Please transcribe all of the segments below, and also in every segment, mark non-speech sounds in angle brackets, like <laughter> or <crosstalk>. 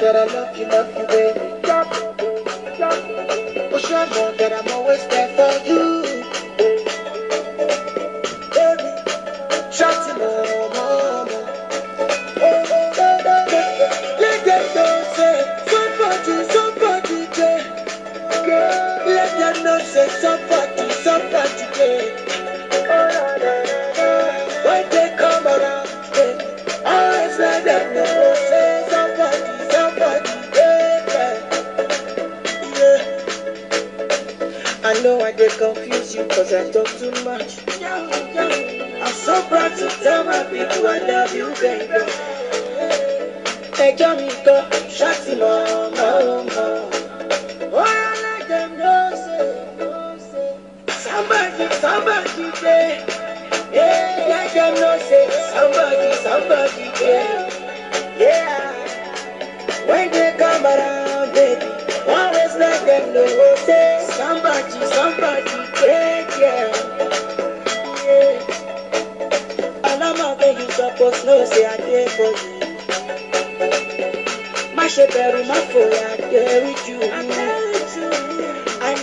that I love you, love you, baby. Oh, sure, that I'm always there for you. cannot say suffer to suffer today. When they come around, then always let them know say suffer to suffer today. Yeah. I know I get confused you cause I talk too much. I'm so proud to tell my people I love you, baby. Ẹjọ́ mi kọ́ ṣáàtì mọ́ ọmọ ọmọ. somebody there. Yeah, let them know say somebody, somebody there. Yeah. When they come around, baby, always let them know say somebody, somebody there. Yeah. yeah. And I'm out there, you supposed know say I care for you. My shepherd, my fool, I there with you. I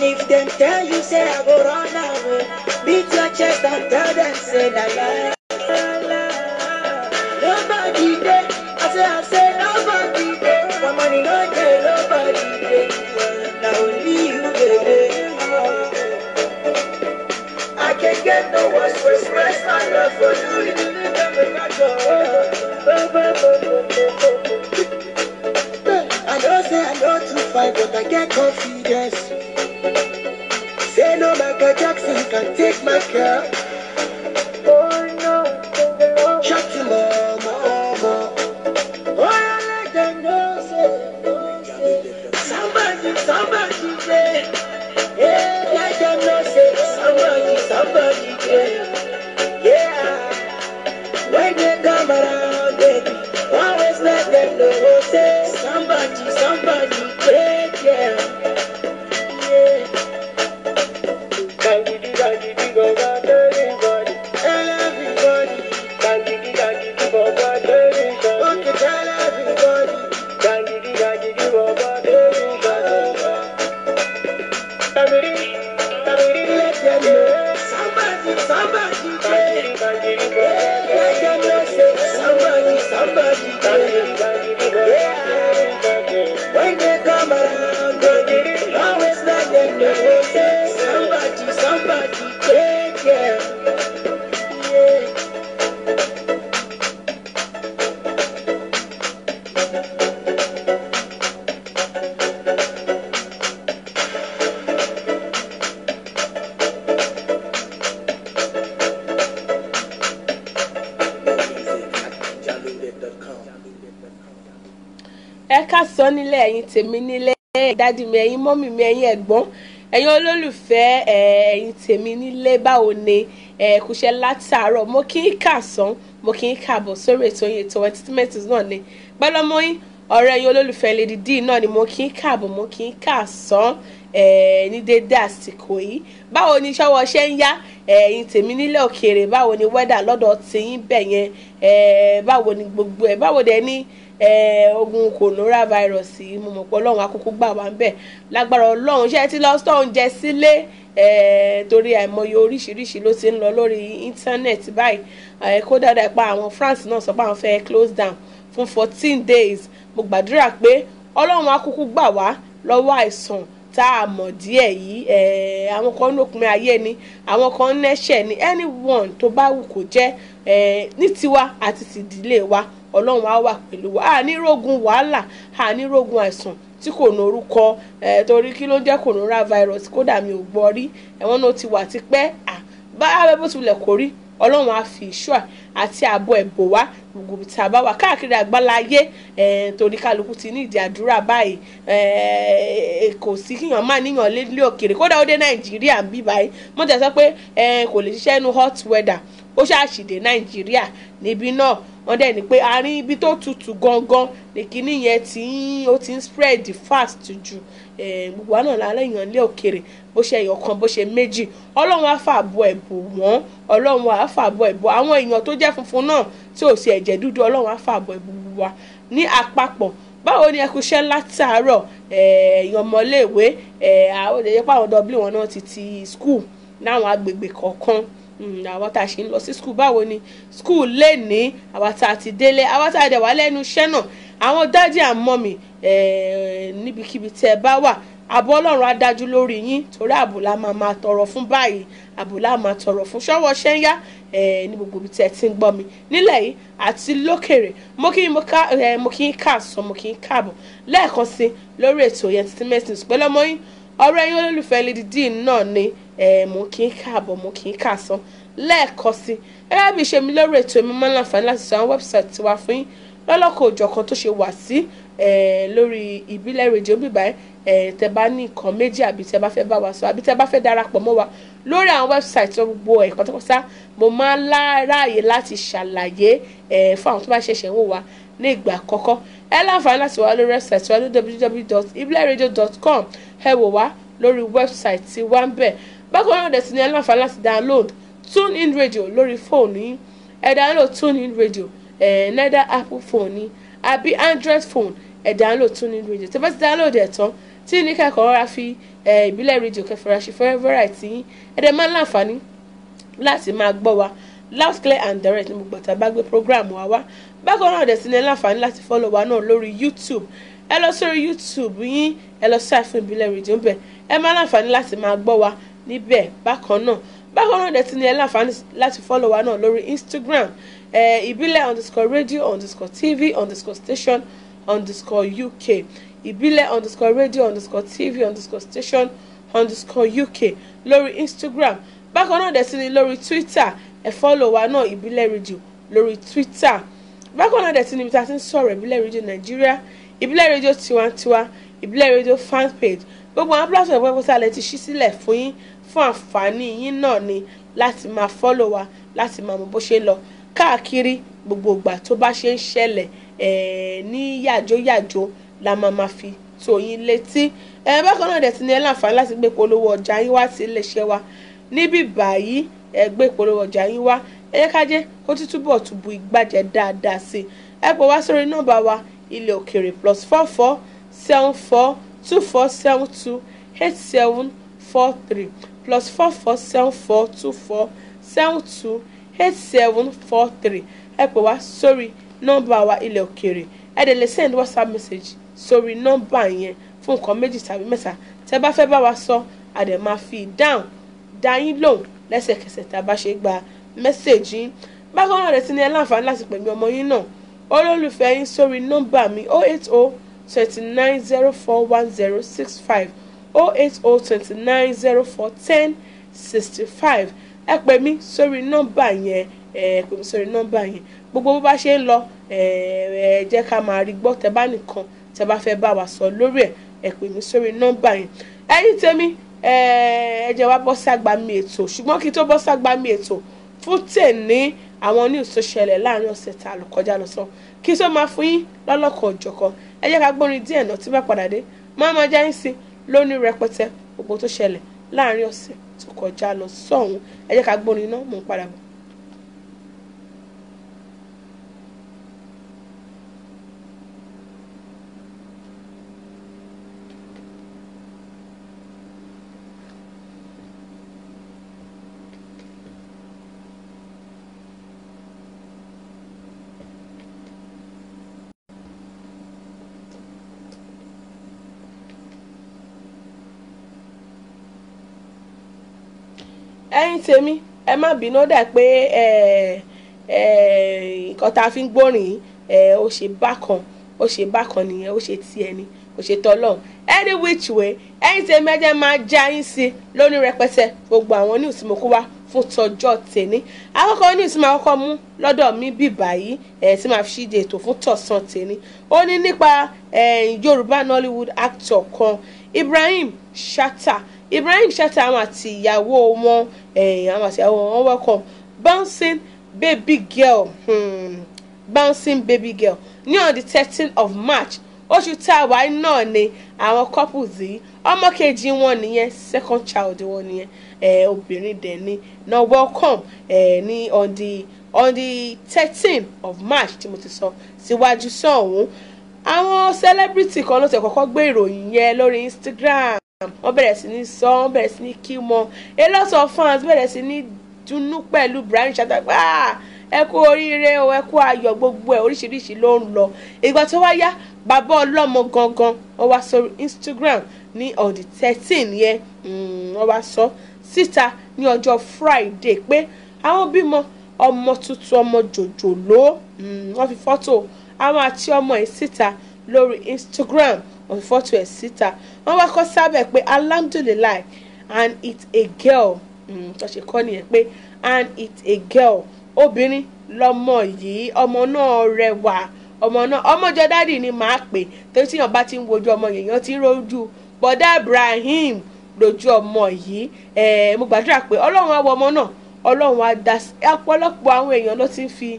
And if them tell you, say, I go run away, beat your chest and tell them, say, la la. Nobody there, I say, I say, nobody there. My money not there, nobody there. Now only you, baby. I can't get no words to express my love for you. You didn't I know, say, I know to fight, but I get confidence. Say no Michael Jackson can take my girl. Oh no, shut him Oh, I like that no say, say. Somebody, somebody say. Yeah, like that no say. Somebody, somebody. ẹ ká sọ nílé ẹ̀yin tèmi nílé ẹ̀yin dádì mi ẹ̀yin mọ́mì mi ẹ̀yin ẹ̀gbọ́n ẹ̀yin olólùfẹ́ ẹ̀yin tèmi nílé báwo ni ẹ̀kúṣẹ́ látàárọ̀ mo kí ń kà sán mo kí ń kàbọ̀ sórí ètò yìí ètò entertainment náà ni pẹ́lọ́mọ́ yín ọ̀rẹ́ ẹ̀yin Lady D náà ni mo kí ń kàbọ̀ mo kí ń kà sán ní dédé àsìkò yìí báwo ni ṣọwọ́ ṣe ń yá ẹ̀yin tèmi nílẹ̀ òkèèrè báwo ni wẹ́dà lọ́dọ̀ tiyín bẹ̀ yẹn báwo ni gbogbo ẹ̀ báwo dẹ̀ ni ogun coronavirus yìí mo mọ̀ pé ọlọ́run akókó gbà wá ń bẹ̀ lágbára ọlọ́run ṣé ẹ ti lọ sọ oúnjẹ sílé torí àìmọye oríṣiríṣi ló ti ń lọ lórí íńtánẹ́ẹ̀tì báyìí kó dáadáa ipa àwọn France náà sọ pé àwọn fẹ́ close down fún fourteen days mo gbàdúrà pé ọlọ́run akókó gbà wá lọ́wọ́ àìsàn tá a mọ̀ díẹ̀ yìí àwọn kan lópin ayé ni àwọn kan nẹ́ṣẹ̀ ni anyone tó bá wù kó jẹ́ ní tiwa àti tìdílé wa ọlọ́run á wà pẹ̀lú wa ànírógun wàhálà ànírógun àìsàn tí kò ní orúkọ ẹ torí kí ló ń jẹ́ coronavirus kódà mi ò gbọ́ rí ẹ̀wọ̀n náà ti wà tipẹ́ à bá abẹ́ bó tilẹ̀ kó rí ọlọ́run á fi ìṣọ́ àti ààbò ẹ̀bò wá gbogbo tá a bá wà káàkiri àgbáláyé torí kálukú ti ní ìdí àdúrà báyìí kò sí kíyàn máa níyàn lé òkèèrè kódà ó dé nàìjíríà ń bí báyìí mo tẹ̀ sọ kò lè ṣiṣẹ́ inú hot weather ó ṣàṣìdé nàìjíríà níbi náà wọ́n dẹ̀ ní pé àárín ibi tó tutù gangan ni kíní yẹn tí ó ti ń spread fast ju gbogbo àná lálẹ́ èèyàn lé òkèrè bó ṣe èèyàn kan bó ṣe méjì ọlọ́run á fàbọ̀ ẹ̀bù wọ́n ọlọ́run á fàbọ̀ ẹ̀bù àwọn èèyàn tó jẹ́ funfun náà tí ò sí ẹ̀jẹ̀ dúdú ọlọ́run á fàbọ̀ ẹ̀bù wa ní àpapọ̀ báwo ni ẹkú iṣẹ́ látàárọ̀ èèyàn ọmọléèwé àwọn òdèjẹ́pọ̀ àwọn dọ́bìlì Hmm, àwa tá a ṣe ń lọ sí skul báwo ni skul lè ní àwa tá a ti délé àwa tá a dẹ̀ wá lẹ́nu iṣẹ́ náà àwọn dájí àmọ́mì níbikíbi tẹ́ ẹ bá wà ààbò ọlọ́run á dájú lórí yín torí ààbò la máa máa tọrọ fún báyìí ààbò la máa tọrọ fún ṣọ́wọ́ ṣẹ́ńyá ní gbogbo ibi tẹ́ ẹ ti ń gbọ́ mi nílẹ̀ yìí àti lókèrè mo kí n mo kí n káàsán mo kí n káàbọ̀ lẹ́ẹ̀kan sí lórí ètò entertainment pẹ̀lú ọmọ yín ọ̀rọ̀ ẹ̀yin olólùfẹ́ Lady D náà ni eh, mo kì í káàbọ̀ mo kì í kàsán lẹ́ẹ̀kan sí gẹ́gẹ́ bí ṣe mi lórí ètò mi máa ń láǹfààní láti sọ àwọn wẹ́bsáìtì tiwa fún yín lọ́lọ́kọ̀ òjọ̀kan tó ṣe wà sí eh, lórí ìbílẹ̀ rédíò bíbá ẹ̀ eh, tẹ́ bá ní nǹkan méjì àbí tẹ́ bá fẹ́ bá wa sọ àbí tẹ́ bá fẹ́ darapọ̀ mọ́ wa lórí àwọn wẹ́bsáìtì tó gbogbo ẹ̀ pátápátá mo máa ń láráàyè láti ṣàlàyé fún àwọn tó bá ṣẹ̀ṣẹ̀ ń wò wá ní ìgbà àkọ́kọ́ ẹ láǹfààní láti wà lórí wẹ́bsáìtì wa ní www.ibleradio.com ẹ wò wá lórí wẹ́bsáìtì wa ń bẹ̀ bákan náà dẹ̀ sì ní ẹ láǹfààní láti download tune in radio lórí fóònù yín ẹ download tune in radio ẹ̀ nẹ́dà apple phone yín àbí android phone ẹ download tune in radio tẹ́ bá ti download ẹ̀ tán tí ní kẹ́kọ̀ọ́ rárá fi ìbílẹ̀ radio. kẹfẹ́ra ṣe fẹ́ variety yín ẹ̀dẹ̀ máa ń láǹfààní láti máa gbọ́ wa loud clear and direct ní gbogbo tá program wa wá bákan náà dẹ̀sí ní láǹfààní láti fọ́lọ̀ wa náà lórí YouTube ẹ lọ sórí YouTube yín ẹ lọ sí àfihàn ìbílẹ̀ rédíò ń bẹ̀ ẹ má láǹfààní láti máa gbọ́ wa níbẹ̀ bákan náà bákan náà dẹ̀sí ní láǹfààní láti fọ́lọ̀ wa náà lórí Instagram ẹ ìbílẹ̀ underscore radio underscore tv underscore station underscore uk ìbílẹ̀ underscore radio underscore tv underscore station underscore uk lórí Instagram bákan náà dẹ̀sí ní lórí Twitter ẹ fọ́lọ̀ wa náà ìbílẹ̀ rédíò lórí Twitter bákan náà dẹ̀ tún níbi tá a ti ń sọ̀rọ̀ ìbílẹ̀ rédíò nàìjíríà ìbílẹ̀ radio tiwantiwa ìbílẹ̀ rédíò fan page gbogbo àwọn platform ìpínlẹ̀ pátá lè ti ṣí sílẹ̀ fún yín fún àǹfààní yín náà ni láti máa fọ́lọ̀ wa láti máa mọ bó ṣe lọ káàkiri gbogbo ìgbà tó bá ṣe ń ṣẹlẹ̀ ní yàjóyàjó la máa máa fi tó yín létí bákan náà dẹ̀ ti ní ẹ láǹfààní láti gbé polówó ọjà yín wá sí iléeṣẹ́ wa níbí báyìí gbé polówó ọjà yín wá ẹ yẹ ká jẹ́ kó ti túbọ̀ túbu ìgbàjẹ́ dáadáa sí i ẹ pè wá sórí nọ́mbà wa ilẹ̀ òkèrè plus four four seven four two four seven two eight seven four three plus four four seven four two four seven two eight seven four three ẹ pè wá sórí nọ́mbà wa ilẹ̀ òkèrè ẹ dẹ̀ lè send whatsapp message sórí nọ́mbà yẹn fún nǹkan méjì tàbí mẹ́ta tẹ́ bá fẹ́ bá wa sọ a dẹ̀ máa fi down. dá yín lóhùn lẹ́sẹ̀kẹsẹ̀ tá a bá ṣe gba mẹ́sẹ̀gì yín bákan náà retí ní ẹ láǹfààní láti pẹ̀lú ọmọ yín náà olólùfẹ́ yín sórí nọ́mbà mi 08029041065 08029041065 ẹ pè mí sórí nọ́mbà yẹn ẹ pè mí sórí nọ́mbà yẹn gbogbo bó bá ṣe ń lọ ẹ ẹ jẹ́ ká máa rí gbọ́ tẹ́ bá nìkan tẹ́ bá fẹ́ bá wa sọ lórí ẹ̀ ẹ pè mí sórí nọ́mbà yẹn ẹ̀yin tèmi ẹ ẹ jẹ́ wá bọ́ sí àgbà mi ètò ṣùgbọ́n kí n tó bọ́ sí àgbà mi ètò fún tèmi àwọn news tó ṣẹlẹ̀ láàrin ọ̀sẹ̀ tá a lò kọjá lọ sọ kí sọ máa fún yín lọ́lọ́kọ̀ òjọ̀kan ẹ jẹ́ ká gbórin díẹ̀ náà tí bá padà dé máa máa jáyín sí lónìí rẹpẹtẹ gbogbo tó ṣẹlẹ̀ láàrin ọ̀sẹ̀ tó kọjá lọ sọ̀hún ẹ jẹ́ ká gbórin náà mò padà bọ̀. ẹ̀yin tèmi ẹ má bínú ó dà pé nǹkan tá a fi ń gbórin yìí ó ṣe bákan ó ṣe bákan nìyẹn ó ṣe ti ẹni kò ṣe tọ́lọ̀ any which way ẹ̀yin tèmi ẹ jẹ́ máa já yín sí lónìí rẹpẹtẹ gbogbo àwọn news mo kó wá fún tọjọ́ tèmi àkọ́kọ́ news máa kọ́kọ́ mú lọ́dọ̀ mi bí báyìí ẹ̀ tí màá fi ṣíde ètò fún tọ̀sán tèmi ó ní nípa Yorùbá Nollywood actor kan Ibrahim Shatta Ibrahim Chatta àwọn àtìyàwó wọn eh, àwọn àtìyàwó wọn welcome bouncing baby girl hmm, bouncing baby girl ní on the thirteen of March oṣù tá a wà náà ni àwọn couples yìí ọmọ kejì wọn nìyẹn second child wọn nìyẹn eh, obìnrin dẹ̀ ni na welcome eh, ní on the on the thirteen of March tí mo ti sọ síwájú sọ̀hún àwọn celebrity kan ló ti kọ́kọ́ gbé ìròyìn yẹn lórí Instagram wọ́n bẹ̀rẹ̀ sí ní sọ wọ́n bẹ̀rẹ̀ sí ní kí wọn a lot of fans bẹ̀rẹ̀ sí ní dunnú pẹ̀lú Brian Shattan pé ah, ẹ kú oríire o ẹ kú ayọ̀ gbogbo ẹ̀ oríṣiríṣi ló ń lọ ìgbà tó wá yá bàbá ọlọ́mọ gangan wọ́n wá sọ Instagram ní on the thirteen yẹn hmm, wọ́n wá sọ síta ní ọjọ́ Friday pé àwọn bímọ ọmọ tuntun ọmọ jòjòló hmm, wọ́n fi fọ́tò àwọn àti ọmọ ẹ̀ síta lórí Instagram on fọ́tò ẹ̀ síta wọ́n wá kọ́ sábẹ̀ pé alhamdulilayi and it's a girl mm, tó ṣe kọ́ nìyẹn pé and it's a girl obìnrin lọmọ yìí ọmọ náà rẹwà ọmọ náà ọmọjọ dádì ni màá pè tó tí yàn bá ti ń wojú ọmọ yìí yàn ti rojú bọ̀dá Ibrahim rojú ọmọ yìí ẹ̀ẹ́ mo gbàdúrà pé ọlọ́run á wò ọmọ náà ọlọ́run á dá sí ọ̀pọ̀lọpọ̀ àwọn èèyàn ló ti ń fi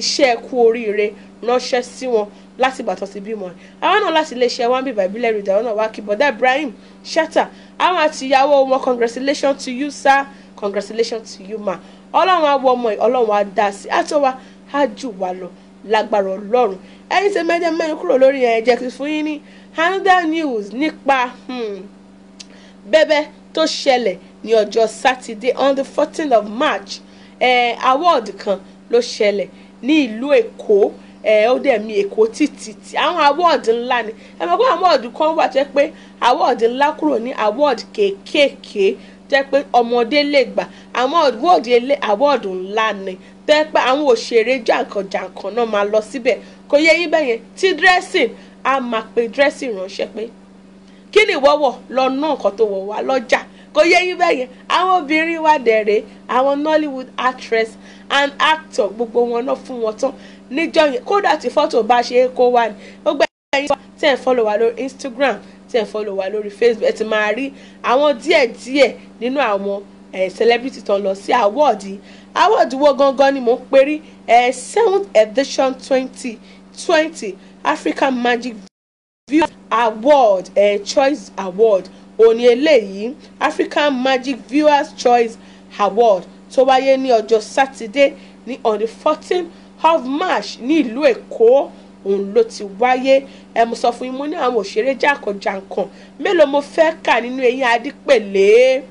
iṣẹ́ kú oríire ránṣẹ́ sí wọn láti gbàtọ́ sí bímọ rẹ̀ àwọn náà láti iléeṣẹ́ wọn bíbá ìbílẹ̀ rẹ̀ ìdáwọ́ náà wá kí bọ̀dá Ibrahim Shatta àwọn àti ìyàwó wọn congratulations to you sir congratulations to you ma ọlọ́run á wọ ọmọ yìí ọlọ́run á dá sí i àtọ́wá á jù wá lọ lágbára ọlọ́run ẹ̀yin ṣe mẹ́jẹ mẹ́rin kúrò lórí ẹ̀ jẹ́ kí fún yín ní another news nípa hmm, bẹ́bẹ́ tó ṣẹlẹ̀ ní ọjọ́ sátidé on the fourteen of March eh, award kan ló ṣẹlẹ̀ ní ìlú Èkó Eh, ó dẹ̀ mi èkó títì tí àwọn awọ́ọ̀dì ńlá ni ẹ mọ̀ pé awọ́ọ̀dì kan wà jẹ́ pé awọ́ọ̀dì ńlá kúrò ní awọ́ọ̀dì kéékèèké jẹ́ pé ọmọdé lè gbà awọ́ọ̀dì ilé awọ́ọ̀dì ńlá ni tẹ́ pé àwọn òṣèré jàǹkànjàǹkàn náà máa lọ síbẹ̀ kò yẹ yí bẹ́yẹn tí dressing a máa pe dressing ránṣẹ́ pé kí ni ìwọ́wọ̀ lọ ná nǹkan tó wọ̀ wá lọ́jà kò yẹ yín bẹ́yẹn àwọn obìnrin wa dẹ̀rẹ̀ àwọn Nollywood actress and actor gbogbo wọn náà fún wọn tán níjọ́ yẹn kódà tí fọ́tò bá ṣe é kó wà ní gbogbo ẹ̀yin tẹ̀ ń fọ́lọ̀ wá lórí Instagram tẹ̀ ń fọ́lọ̀ wá lórí Facebook ẹ̀ ti máa rí àwọn díẹ̀díẹ̀ nínú àwọn celebrity tó ń lọ sí awọ́ọ̀dì awọ́ọ̀dì wo gangan ni mò ń perí seventh edition twenty twenty African Magic Viewers Award Choice Award òní eléyìí African Magic Viewers Choice Award tó wáyé ní ọjọ́ sátidé ní on the fourteen hofmarsch ní ìlú èkó òun ló ti wáyé ẹ mo sọ fún yín mo ní àwọn òṣèré jàǹkànjàǹkàn mélòó mo fẹ́ kà nínú eyín adípèlé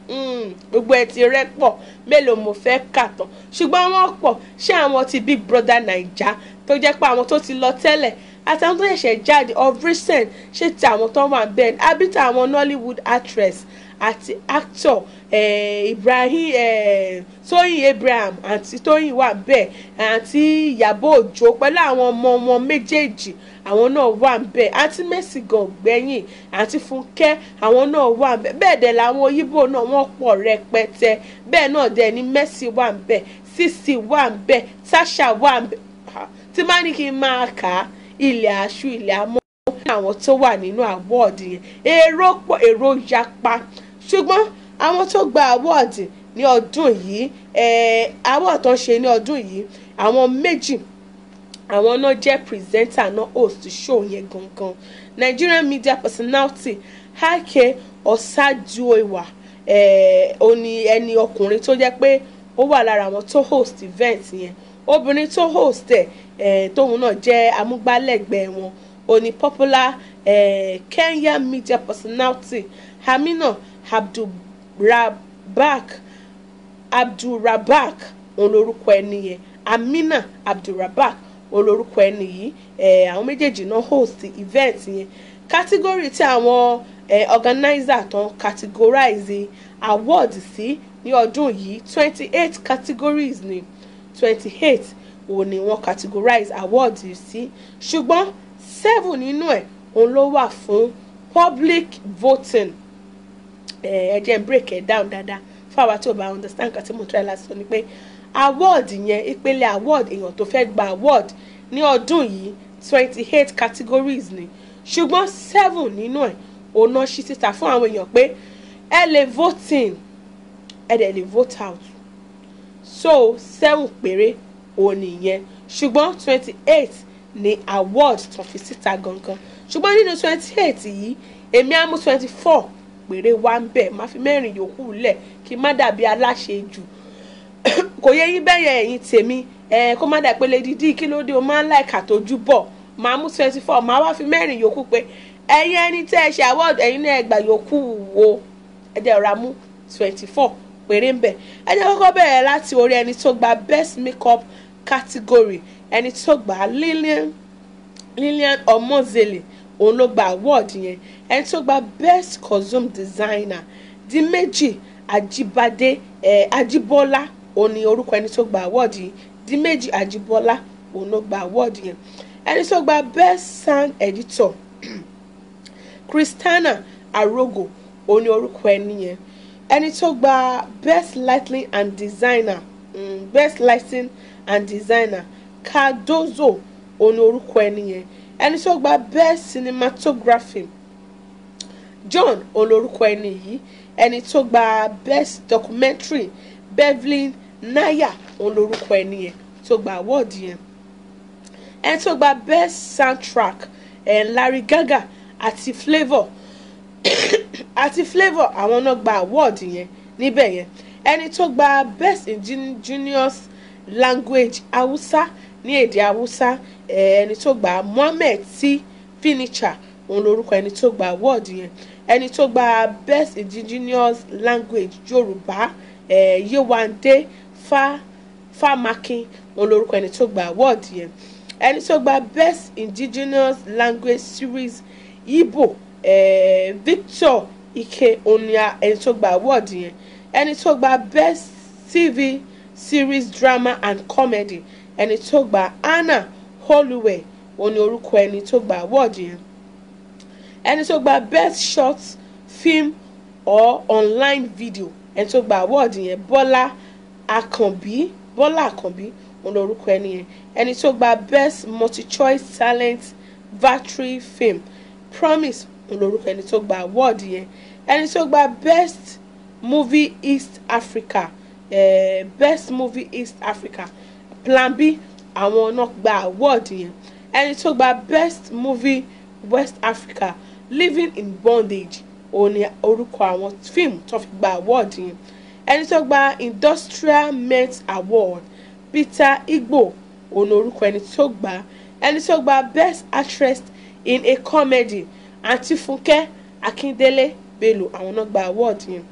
hmm, gbogbo ẹ ti rẹ́ pọ̀ mélòó mo fẹ́ kà tán ṣùgbọ́n wọ́n pọ̀ ṣé àwọn ti big brother naija tó jẹ́ pé àwọn tó ti lọ tẹ́lẹ̀ àtàwọn tó ṣẹ̀ṣẹ̀ jáde of recent ṣé ti àwọn tó wà bẹ́ẹ̀ àbí tàwọn nollywood actress àti actor eh, Ibrahim eh, Tóyìn Abraham àti Tóyìn wà bẹ́ẹ̀ àti Ìyábọ̀ Òjó pẹ̀lú àwọn ọmọ wọn méjèèjì àwọn náà wà bẹ́ẹ̀ àti Mercy Gàngbẹ̀yìn àti Fúnkẹ́ àwọn náà wà bẹ́ẹ̀ bẹ́ẹ̀ dẹ̀ làwọn Yíbò náà wọ́n pọ̀ rẹpẹtẹ bẹ́ẹ̀ náà dẹ̀ ni Mercy wà bẹ́ẹ̀ Sisi wà bẹ́ẹ̀ Tasha wà bẹ́ẹ̀ tí má ní kí n máa kà á ilẹ̀ àṣù ilẹ̀ amọ́ àwọn tó wà nínú àwọ̀dì èrò pọ̀ èrò yapa ṣùgbọ́n àwọn tó gba awọ́ọ̀dì ní ọdún yìí awọ́ọ̀dì tó ń ṣe ní ọdún yìí àwọn méjì àwọn náà jẹ́ presenter, náà host show yẹn gangan Nigerian media personality Ike Osajuiwa Oni, ní ẹni ọkùnrin tó jẹ́ pé ó wà lára àwọn tó host event yẹn obìnrin tó host ẹ̀ tóun náà jẹ́ amúgbálẹ́gbẹ̀ẹ́ wọn ó ní popular Kenya media personality Hamina abdulrabak abdulrabak òun lorúkọ ẹni yẹn amina abdulrabak òun lorúkọ ẹni yìí àwọn méjèèjì náà host event yẹn kátígórì tí àwọn organizer tán categorize award sí ní ọdún yìí twenty eight categories ni twenty eight òun ni wọ́n categorize award yìí sí ṣùgbọ́n seven nínú ẹ̀ òun ló wà fún public voting Eh, ẹ jẹ́ break ẹ̀ down dada. fún àwa tí ò bá understand nǹkan tí mo try láti sọ ni pé award yẹn ìpele award èèyàn tó fẹ́ gba award ní ọdún yìí twenty eight categories ni ṣùgbọ́n seven nínú ẹ̀ òun náà ṣí síta fún àwọn èèyàn pé ẹ lè vote in ẹ dẹ̀ lè vote out so seven péré òun nìyẹn ṣùgbọ́n twenty eight ni award tó fi síta gangan ṣùgbọ́n nínú twenty eight yìí èmi á mú twenty four péré wá ń bẹ̀ máa fi mẹ́rin yòókù lẹ̀ kí má dàbí aláṣẹ jù <coughs> kò yẹ yín bẹ́yẹn ẹ̀yin tèmi kó má dàbí pélé dídí kí ló dé o máa ń láìka tójú bọ̀ máa mú twenty four máa wá fi mẹ́rin yòókù pé ẹ̀yin ẹni tẹ́ ẹ ṣe award ẹ̀yin náà ẹgbà yòókù wo ẹ̀jẹ̀ rà mú twenty four péré ń bẹ̀ ẹ̀jẹ̀ kọ́kọ́ bẹ̀rẹ̀ láti orí ẹni tó gba best makeup category ẹni tó gba Lillian Lillian Omozele òun ló gba award yẹn ẹni tó gba best costume designer di méjì Àjíbádé eh, Àjíbọ́lá òun ni orúkọ ẹni tó gba award yìí di méjì Ajibola òun ló gba award yẹn ẹni tó gba best sound editor <clears throat> Christiana Arogo òun ni orúkọ ẹni yẹn ẹni tó gba best lighting and designer mm, best lighting and designer Cardozo òun ni orúkọ ẹni yẹn ẹni tó gba best cinematography John olórúkọ ẹni yìí ẹni tó gba best documentary Beverly Naya olórúkọ ẹni yẹn tó gba award yẹn ẹni tó gba best soundtrack ẹ̀ eh, Larry Gaga àti Flavour <coughs> àti Flavour àwọn náà gba award yẹn níbẹ̀ yẹn ẹni tó gba best ingenious language Hausa ní èdè haúsá eh, ẹni tó gba mohammed tí finicha òun lorúkọ ẹni tó gba award yẹn ẹni tó gba best indigenous language yorùbá eh, yewande fa famakin òun lorúkọ ẹni tó gba award yẹn ẹni tó gba best indigenous language series Ibo. Eh, victor ike òun ni ẹni tó gba award yẹn ẹni tó gba best tv series drama and comedy ẹni tó gba Hannah Holloway òun ni orúkọ ẹni tó gba awọ́ọ̀dù yẹn ẹni tó gba best short film or online video ẹni tó gba awọ́ọ̀dù yẹn Bọ́lá Àkànbí Bọ́lá Àkànbí òun lorúkọ ẹni yẹn ẹni tó gba best multi-choice talent victory film Promise òun lorúkọ ẹni tó gba awọ́ọ̀dù yẹn ẹni tó gba best movie East Africa eh, best movie East Africa plan b àwọn náà gba award yẹn ẹni tó gba best movie west africa living in bondage òun ni orúkọ àwọn fíìmù tó fi gba award yẹn ẹni tó gba industrial met award peter igbo òun ni orúkọ ẹni tó gba ẹni tó gba best actress in a comedy àti fúnkẹ́ akíndélé bello àwọn náà gba award yẹn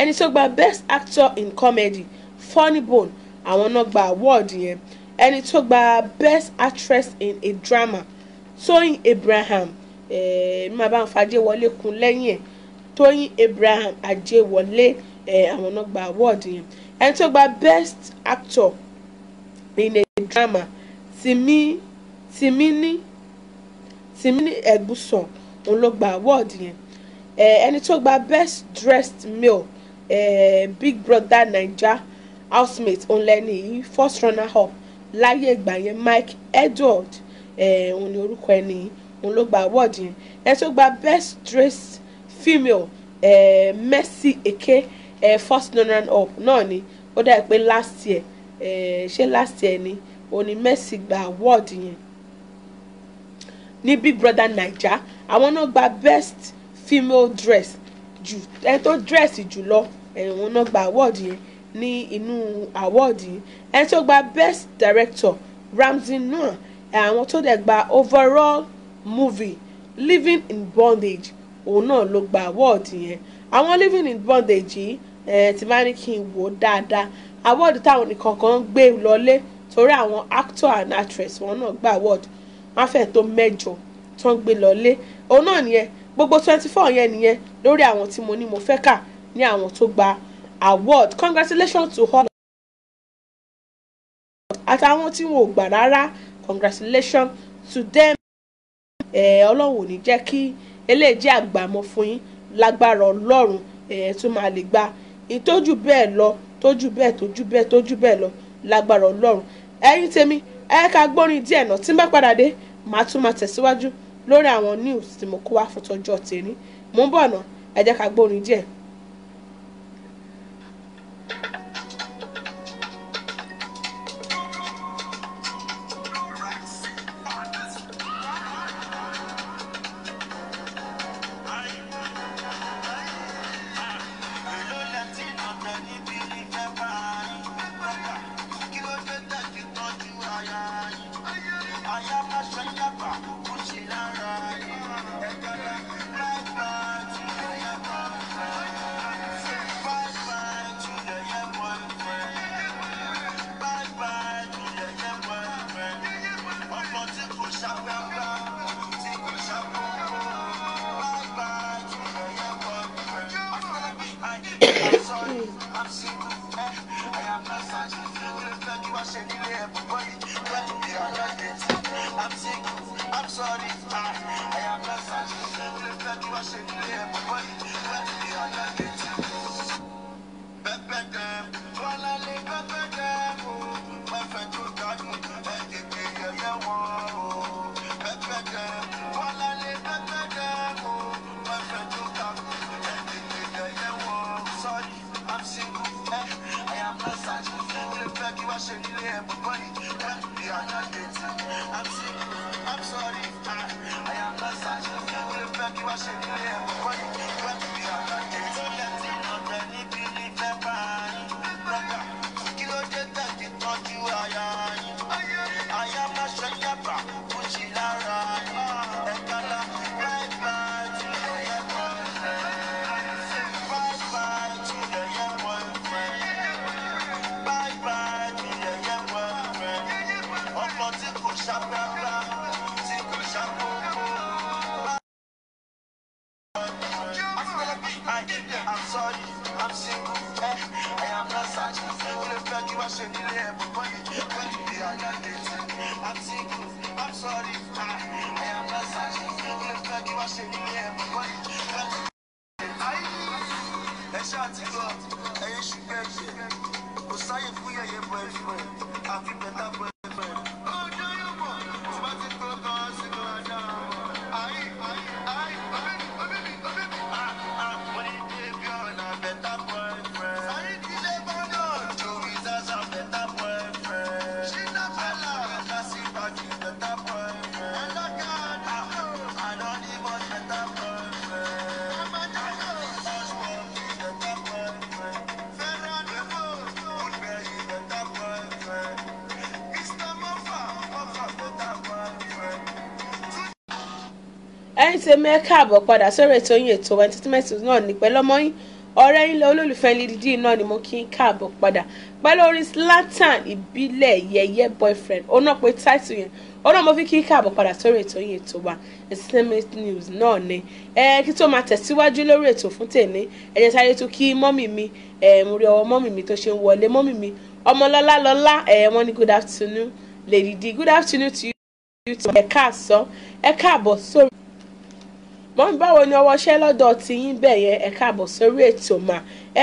ẹni tó gba best actor in comedy Funny Bone àwọn náà gba awọ́ọ̀dù yẹn ẹni tó gba best actress in a drama Tóyìn Abraham ẹ̀ẹ́d eh, máa bá ń fàájì wọlé kun lẹ́yìn ẹ̀ Tóyìn Abraham àjẹwọlé ẹ̀ eh, àwọn náà gba awọ́ọ̀dù yẹn ẹni tó gba best actor in a drama Tìmí Tìmí ní Tìmí ní Ẹ̀gbùsàn òun ló gba awọ́ọ̀dù yẹn eh, ẹni tó gba best dressed male eh, Big Brother Naija housemate onlẹni yìí first runner up láyé ìgbà yẹn Mike Edward eh, òun ni orúkọ ẹni òun ló gba award yẹn ẹni tó gba best dressed female eh, Mercy Eke eh, first runner up náà ni ó dàbí pé last year ṣé last year ni òun ni Mercy gba award yẹn ní Big Brother Naija àwọn náà gba best female dress jù ẹni tó dress jùlọ ẹ̀yìn òun náà gba award yẹn ní inú àwọ́ọ̀dì ẹni tó gba best director Ramsey Nouah àwọn tó dẹ̀ gba overall movie living in bondage òun náà ló gba àwọ́ọ̀dì yẹn àwọn living in bondage yìí eh, ti máa ní kí n wò dáadáa àwọ́ọ̀dì táwọn nìkan kan gbé lọlé torí àwọn actor and actress wọn náà gba àwọ́ọ̀dì wọn fẹ́ tó mẹ́jọ tó ń gbé lọlé òun náà nìyẹn gbogbo twenty four yẹn nìyẹn lórí àwọn tí mo ní mo fẹ́ kà ní àwọn tó gba àwọ́ọ̀dì award congratulations to all àtàwọn tí wọn ò gbà rárá congratulations to them ọlọ́run ò ní jẹ́ kí eléyìí jẹ́ àgbàmọ́ fún yín lágbára ọlọ́run tó máa lè gba ìtọ́jú bẹ́ẹ̀ lọ tójú bẹ́ẹ̀ tójú bẹ́ẹ̀ tójú bẹ́ẹ̀ lọ lágbára ọlọ́run ẹ̀yin tèmi ẹ ká gbórin díẹ̀ náà tí n bá padà dé màá tún máa tẹ̀síwájú lórí àwọn news tí mo kó wá fún tọjọ́ tèmi mò ń bọ̀ náà ẹ ká gbórin díẹ̀. sorry, I, am not such a fool. I am be I am you, ẹ̀yin tí mi ẹ́ káàbọ̀ padà sórí ètò yín ètò entertainment náà ní pẹ̀lú ọmọ yín ọ̀rẹ́ yín lé olólùfẹ́ Lizzy náà ni mo kí n káàbọ̀ padà pẹ̀lú orin Zlatan ìbílẹ̀ yẹyẹ boyfriend òun náà pé title yẹn òun náà mo fi kí n káàbọ̀ padà sórí ètò yín ètò wa entertainment news náà ni ẹ kí tó máa tẹ̀síwájú lórí ètò fún tèmi ẹ jẹ́ sáré tún kí mọ́mì mi ẹ mo rí ọwọ́ mọ́mì mi tó ṣe ń wọlé mọ́mì mi ọmọlọ́lá lọ́lá ẹ wọ́n ní good afternoon Lady D good afternoon to you ẹ káàsán ẹ káàbọ̀ sórí mọ́mí báwo ni ọwọ́ iṣẹ́ lọ́dọ̀ ti yín bẹ̀ yẹn ẹ káàbọ̀ sórí ètò mà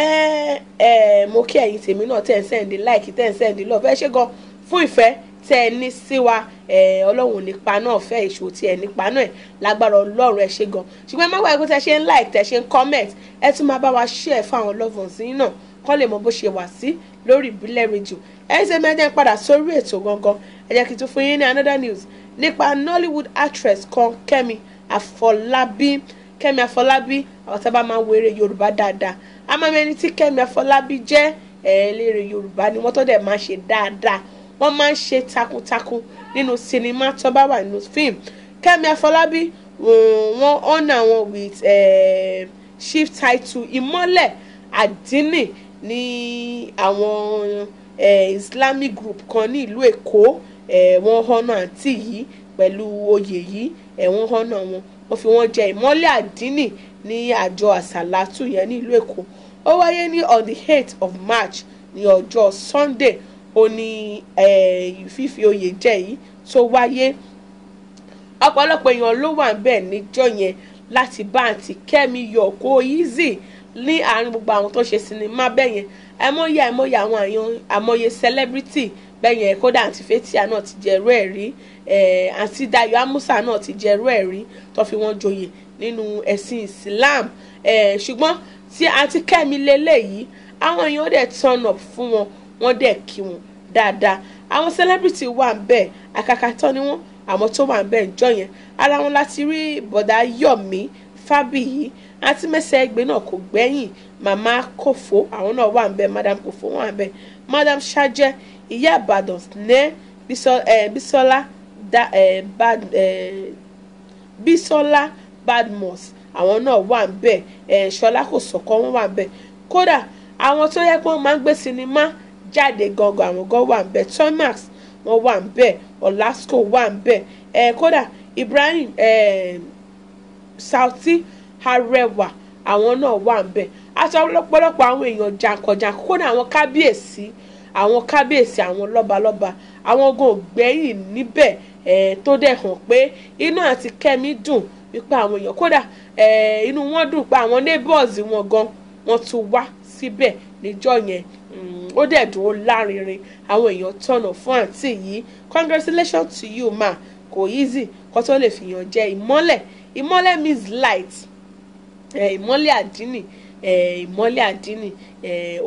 ẹ ẹ mo kí ẹ̀yin tèmi náà tẹ̀ ń sẹ́ndí láìkí tẹ̀ ń sẹ́ndí lọ́ọ̀fẹ́ ṣé gan fún ìfẹ́ tẹ́ ẹ ní sí wa ọlọ́run nípa náà fẹ́ ìṣó tí ẹ nípa náà ẹ̀ lágbára ọlọ́run ẹ ṣe gan ṣùgbọ́n má gbàgbé tẹ́ ṣe ń like tẹ́ ṣe ń comment ẹ tún máa bá wa share fáwọn lovers yín náà kọ́ lè mọ bó ṣe wà sí lórí ìbílẹ̀ rédíò ẹ ṣe mẹ́jẹ̀ ń padà sórí ètò gangan ẹ jẹ́ fún yín ní another news nípa Nollywood actress kan Kẹ́mi àfọlábí kẹ́mi àfọlábí àwọn tá a bá máa wo eré yorùbá dáadáa a máa mẹni tí kẹ́mi àfọlábí jẹ́ ẹ̀ẹ́lẹ́rẹ̀ yorùbá ni wọ́n tó dẹ̀ máa ṣe dáadáa wọ́n máa ń ṣe takuntakun nínú sinimá tó bá wà nínú fíìmù kẹ́mi àfọlábí mm, wọ́n ọ̀nà wọn with shift title ìmọ́lẹ̀ àdínì ní àwọn islamic group kan ní ìlú èkó wọ́n ọ̀nà àǹtí yìí pẹ̀lú oyè yìí ẹ̀wọ̀n hánà wọn wọ́n fi wọ́n jẹ ìmọ́lẹ̀ àdínì ní àjọ àsàlátù yẹn nílùú èkó ó wáyé ní on the eight of march ní ọjọ́ sunday ó ní fífi oyè jẹ yìí tó wáyé ọ̀pọ̀lọpọ̀ èèyàn ló wà ń níjọ́ yẹn láti bá àǹtí kẹ́mi yọ̀kó yízì ní àárín gbogbo àwọn tó ṣe sinimá bẹ́yẹn àìmọye àìmọye àwọn àmọye celebrity bẹ́yẹn kódà àǹtí fẹ́tíà náà ti jẹ́rú ẹ̀ Eh, àǹtí Dayọ̀ Amusa náà ti jẹ́rú ẹ̀ rí tó fi wọ́n joyè nínú ẹ̀sìn Islam eh, ṣùgbọ́n tí àǹtí Kẹ́mi lélẹ́yìí àwọn èèyàn dẹ̀ turn up fún wọn wọ́n dẹ̀ kí wọn dáadáa àwọn celebrity wà ń bẹ̀ àkàkà tán ni wọ́n àmọ́ tó wà ń bẹ̀ ǹjọ́ yẹn ara wọn láti rí bọ̀dá Yọ̀mí Fábíyì àti mẹ́sẹ̀ ẹgbẹ́ náà kò gbẹ́yìn màmá Kòfó àwọn náà wà ń bẹ̀ madam Kòfó wà ń bẹ̀ madam Ṣàjẹ́ ìyá Ìbàdàn ní eh, Bísọ́lá. Eh, da eh, bad eh, Bisola Badmus àwọn náà wà ń bẹ̀ eh, Ṣọlá Kòsọ́kọ́ wọn wà ń bẹ̀ kódà àwọn tó yẹ kí wọ́n máa ń gbé sinimá jáde gangan àwọn gan wà ń bẹ̀ Thomas wọn wà ń bẹ̀ Olasco wà ń bẹ̀ eh, kódà Ibrahim eh, Sauti Arẹwà àwọn náà wà ń bẹ̀ àti ọ̀pọ̀lọpọ̀ àwọn èèyàn jàǹkànjàǹkàn kódà àwọn kábíyèsí. Si, àwọn kábíyèsí àwọn lọ́balọ́ba àwọn ogun ògbẹ́yìn níbẹ̀ tó dẹ̀ hàn pé inú àti kẹ́mi dùn wípé àwọn èèyàn kódà inú wọn dùn pé àwọn neighbors wọn gan wọn tún wá síbẹ̀ níjọ́ yẹn mm, ó dẹ̀ dùn ó lárinrin àwọn èèyàn tọ̀nà fún àǹtí yìí congratulations to you ma kò easy kó tó lè fìyàn jẹ ìmọ́lẹ̀ ìmọ́lẹ̀ means light ìmọ́lẹ̀ àdínì eh, ìmọ́lẹ̀ àdínì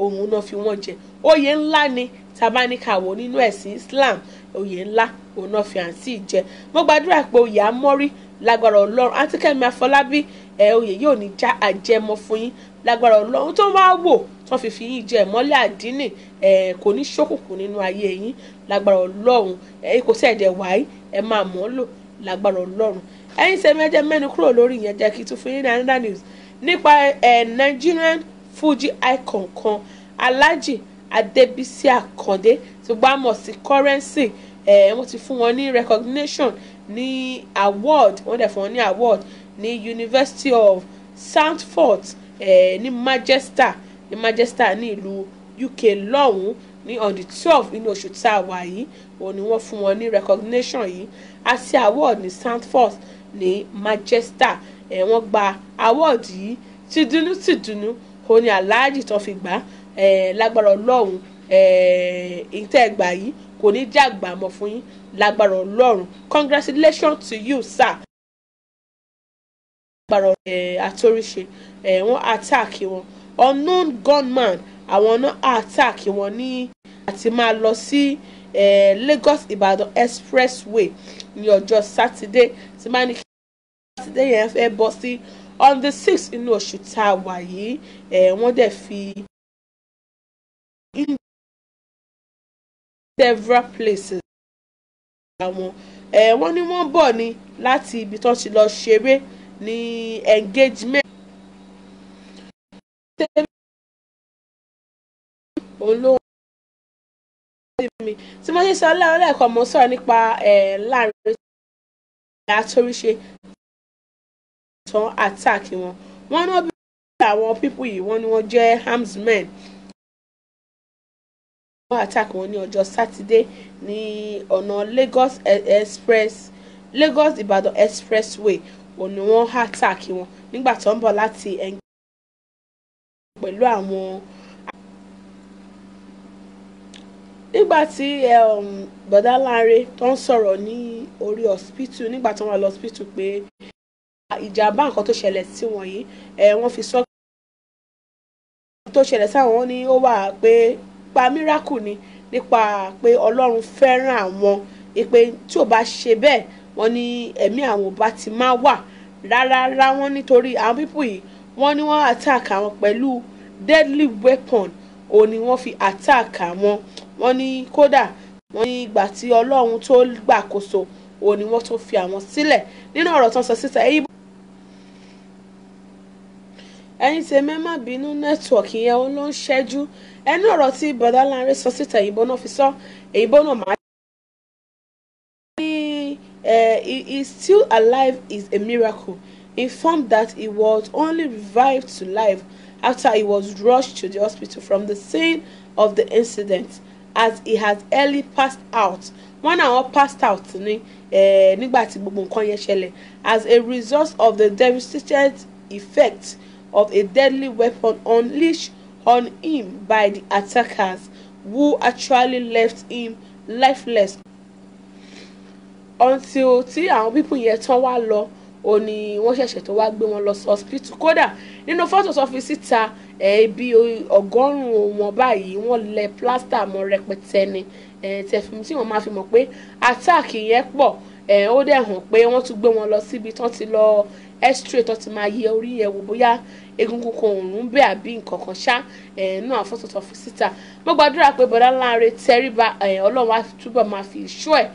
ohun náà fi wọ́n jẹ oyè ńlá ni tabaníkàwò nínú ẹ̀sìn Islam oyè ńlá òun náà fi àǹtí jẹ mo gbàdúrà pé oyè amọ́rí lágbára Ọlọ́run àti Kẹ́mi Afọlábí ẹ oyè yóò ní já àjẹmọ́ fún yín lágbára Ọlọ́run tó wá wò tó fi fi yín jẹ ìmọ́lẹ̀ àdínì ẹ kò ní ṣókùnkùn nínú ayé yín lágbára Ọlọ́run ẹ kò sí ẹ̀dẹ̀ wáyé ẹ máa mọ̀ ọ́ lò lágbára Ọlọ́run ẹ̀yin sẹ́mi ẹ jẹ́ mẹ́nu kúrò lórí ìyẹn jẹ́ kí tún fún yín ní another news nípa ẹ̀ Nigerian Fuji icon kan Alhaji Adebisi Akande tó gbá mọ̀ sí currency ẹ̀ wọ́n ti fún wọn ní recognition ní award wọ́n dẹ̀ fún wọn ní award ní University of Stanford ẹ̀ ní Manchester ní Manchester ní ìlú UK lọ́hùn-ún ní on the twelve inú oṣù tá a wà yìí òun ni wọ́n fún wọn ní recognition yìí àti award ní Stanford ní Manchester ẹ̀ wọ́n gba awọ́ọ̀dù yìí tìdùnnú tìdùnnú òun ni aláàjì tó fi gbà ẹ̀ lágbára ọlọ́run ẹ̀ ìtẹ́gbà yìí kò ní jàgbà mọ́ fún yín lágbára ọlọ́run congratulations to you sir lágbàrọ̀ àtòrìṣe wọ́n attack wọn unknown gunman àwọn náà attack wọn ní àti máa lọ sí Lagos ibadan expressway ní ọjọ́ sátidé tí máa ní kí Today yẹn fẹ́ bọ́ sí on the sixth, inú oṣù tá a wà yìí wọ́n dẹ̀ fi in several places àwọn wọ́n ní wọ́n bọ̀ ni láti ibi tó ti lọ ṣeré ní engagement mi tí mo ṣe sọ lẹ́ẹ̀kan mo sọ̀rọ̀ nípa láàrin àtúnṣe tán attack wọn wọ́n náà bí àwọn pípù yìí wọ́n ní wọ́n jẹ́ arms men wọ́n attack wọn ní ọjọ́ sátidé ní ọ̀nà Lagos e-, express Lagos Ìbàdàn expressway òní wọ́n attack wọn nígbà tó ń bọ̀ láti ẹ̀ǹgẹ́ pẹ̀lú àwọn nígbà tí um, bọ̀dá Lanre tó ń sọ̀rọ̀ ní orí hospital nígbà tó wà lọ pé ìjàmbá nǹkan tó ṣẹlẹ̀ sí wọn yìí wọ́n fi sọ tó ṣẹlẹ̀ sáwọn wọn ni ó wà pé pa miracle ni nípa pé ọlọ́run fẹ́ràn àwọn ìpè tí ò bá ṣe bẹ́ẹ̀ wọ́n ní ẹ̀mí àwọn ò ti máa wà rárá wọ́n nítorí àwọn pípù yìí wọ́n ní wọ́n attack àwọn pẹ̀lú deadly weapon òun ni wọ́n fi attack àwọn wọ́n ní kódà wọ́n ní ìgbà tí ọlọ́run tó gbàkóso òun ni wọ́n tó fi àwọn sílẹ̀ nínú ọ̀rọ̀ tó ń sọ síta èyí ẹ̀yin tèmi má bínú nẹ́tíwọ̀kì yẹn ó ló ń ṣẹ́jú ẹnu ọ̀rọ̀ tí bọ̀dá sọ síta ìbọn náà fi sọ ìbọn náà máa. he is still alive is a miracle informed that he was only revived to life after he was rushed to the hospital from the scene of the incident as he had early passed out wọ́n náà wọ́n passed out ní nígbà tí gbogbo nǹkan yẹn ṣẹlẹ̀ as a result of the devastated effect of a deadly weapon unleashed on him by the attackers, who actually left him lifeless. until tí àwọn people yẹn tán wá lọ ò ní wọ́n ṣẹ̀ṣẹ̀ tó wá gbé wọn lọ sí hospital kódà nínú fọ́tò tó fi síta ẹ̀ẹ́bí ọgọ́rùn-ún wọn báyìí wọ́n lẹ̀ plaster mọ́ rẹpẹtẹ ni tẹ̀fún tí wọ́n máa fi mọ̀ pé attack yẹn pọ̀ ó dẹ̀ hàn pé wọ́n tún gbé wọn lọ síbi tán ti lọ x-ray tán ti máa yẹ orí yẹ̀ wò bóyá egungun kan òun ń bẹ àbí nǹkan kan ṣá nínú àwọn fọ́tò síta mo gbàdúrà pé bọ́dá Lanre tẹríba ọlọ́run á túbọ̀ máa fi ìṣọ́ ẹ̀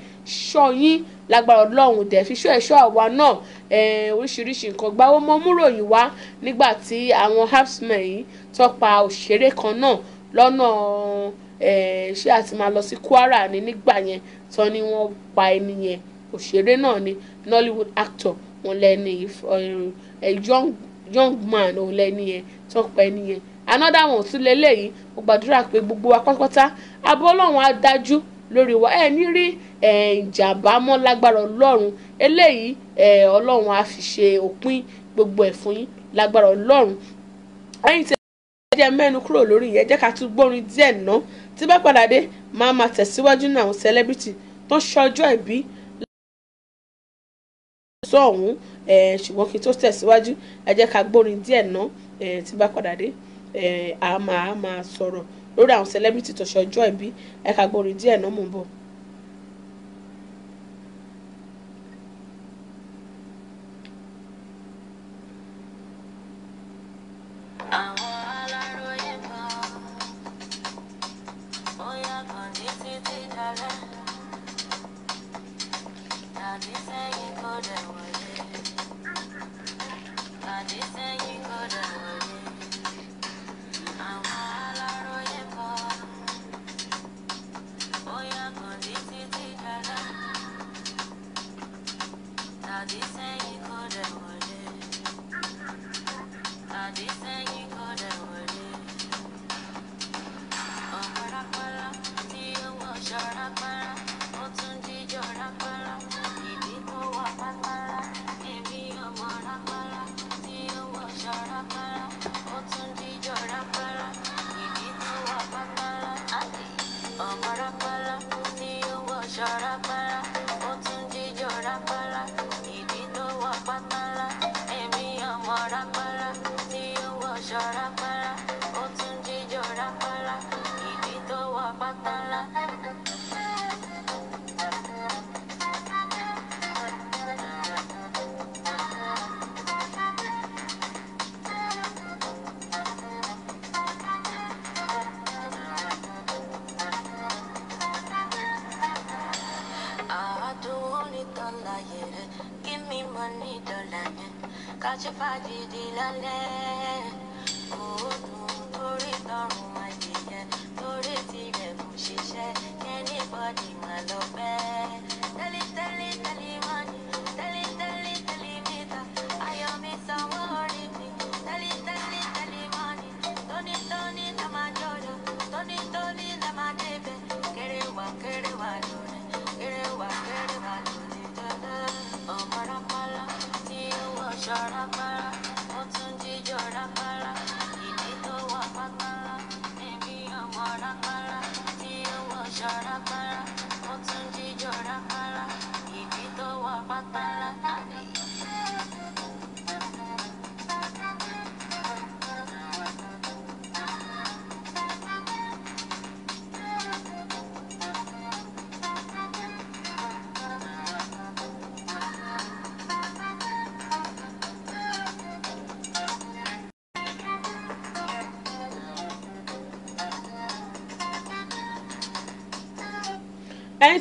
ṣọ́ yín lágbára ọlọ́run dẹ̀ fi ṣọ́ ẹ̀ṣọ́ àwa náà oríṣiríṣi nǹkan gbáwó mọ́ múròyìn wá nígbà tí àwọn hapsmen yìí tọ́pa òṣèré kan náà lọ́nà ṣé àti máa lọ sí Kwara ni nígbà yẹn tán ni wọ́n pa ẹni yẹn òṣèré náà ni Nollywood actor wọn lẹ́ni young young man òun lẹ́ni yẹn tọ́pọ̀ ẹni yẹn another one tún lélẹ́yìn mo gbàdúrà pé gbogbo wa pátápátá abọ́ ọlọ́run á dájú lórí wa ẹ ní rí ìjàmbá mọ́ lágbára ọlọ́run eléyìí ọlọ́run á fi ṣe òpin gbogbo ẹ̀ fún yín lágbára ọlọ́run ẹ̀yin tí ẹ jẹ́ mẹ́nu kúrò lórí yẹn jẹ́ ká tún gbórin díẹ̀ ná tí bá padà dé máa máa tẹ̀síwájú ní àwọn celebrity tó ń ṣọjọ́ ìbí sọ ọ̀hún ṣùgbọ́n kí n tó tẹ̀síwájú ẹ jẹ́ ká gbórin díẹ̀ ná tí bá padà dé a máa sọ̀rọ̀ lórí àwọn celebrity tó ṣe ọjọ́ ìbí ẹ ká gbórin díẹ̀ ná mò ń àdìsẹ́yìn kọ́dẹ̀ wọlé àdìsẹ́yìn kọ́dẹ̀ wọlé. la Dilale. shut up.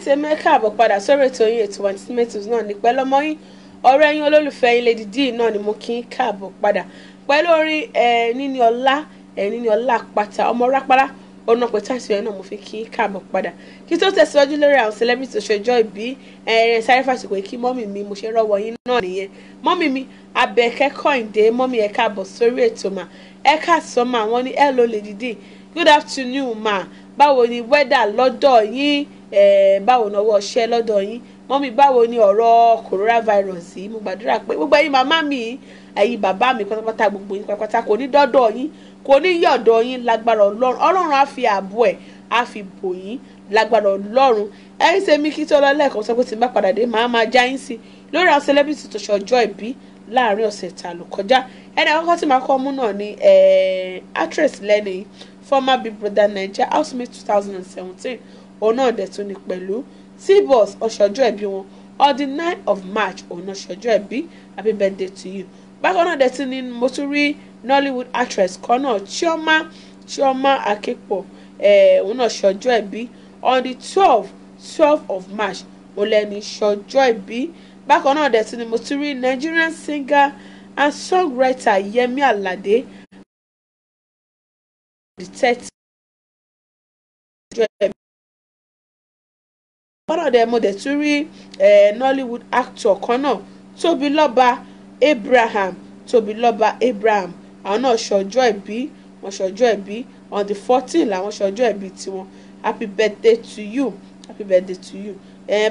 tèmi káàbọ̀ padà sórí ètò yín ètò àti tomatoes náà ní pẹ́lú ọmọ yín ọ̀rẹ́ yín olólùfẹ́ yín Lady Dee náà ni mo kí ń káàbọ̀ padà pẹ̀lú orin ẹ̀ẹ́nì ni ọlá ẹ̀ẹ́nì ni ọlá àpáta ọmọ rápálá ọ̀nà pẹ̀tàṣì ẹ̀ náà mo fi kí káàbọ̀ padà kí tó tẹ̀síwájú lórí àwọn celebrity ṣọjọ́ ìbí ẹ̀rẹ̀ sáré fàṣìkò kí mọ́mì mi mo ṣe rọ́wọ́ yín náà nìyẹn mọ́mì mi Àbẹ̀kẹ́ Kọ́ìndé mọ́mì ẹ̀ káàbọ̀ sórí ètò mà ẹ̀ káàsán mà wọ́n ní hello Lady Dee good afternoon ma báwo ni wẹ́dà lọ́dọ̀ yín báwo náà wọ ṣẹ́ lọ́dọ̀ yín mọ́mí báwo ni ọ̀rọ̀ coronavirus yìí mo gbàdúrà pé gbogbo ẹ̀yin màmá mi ẹ̀yin bàbá mi pátápátá gbogbo yín pátápátá kò ní dọ́dọ̀ yín kò ní yọ̀dọ̀ yín lágbára ọlọ́run ọlọ́run á fi ààbò ẹ̀ á fi bò yín lágbára ọlọ́run ẹ̀yin ṣe mí kí tó lọ lẹ́ẹ̀kan sọ pé tí n bá padà dé màá máa já yín sí lórí àwọn celebrity tó ṣọjọ́ ìbí láàrin ọ̀sẹ̀ ta ló kọjá ẹni àkọ́kọ́ tí màá kọ́ mú náà ni actress lẹ́ni former Big Brother Naija housemate two thousand and seventeen òun náà dẹ̀ tún ni pẹ̀lú T-Boss ọ̀ṣọ́jọ́ ẹ̀bí wọn on the nine of March òun náà ṣọjọ́ ẹ̀bí happy birthday to you bákan náà dẹ̀ tún ni mo tún rí Nollywood actress kan náà Chioma Chioma Akepo òun náà ṣọjọ́ ẹ̀bí on the twelve twelve of March mo lẹ́ni ṣọjọ́ ìbí bákan náà dẹ̀ tún ni mo tún rí Nigerian singer and songwriter Yemi Alade the thirty ọjọ́ bákan náà mo dẹ̀ tún rí nollywood actor kan náà tóbilọ́ba abraham tóbilọ́ba abraham àwọn náà ṣọjọ́ ìbí wọn ṣọjọ́ ìbí on the fourteen làwọn ṣọjọ́ ìbí tiwọn happy birthday to you happy birthday to you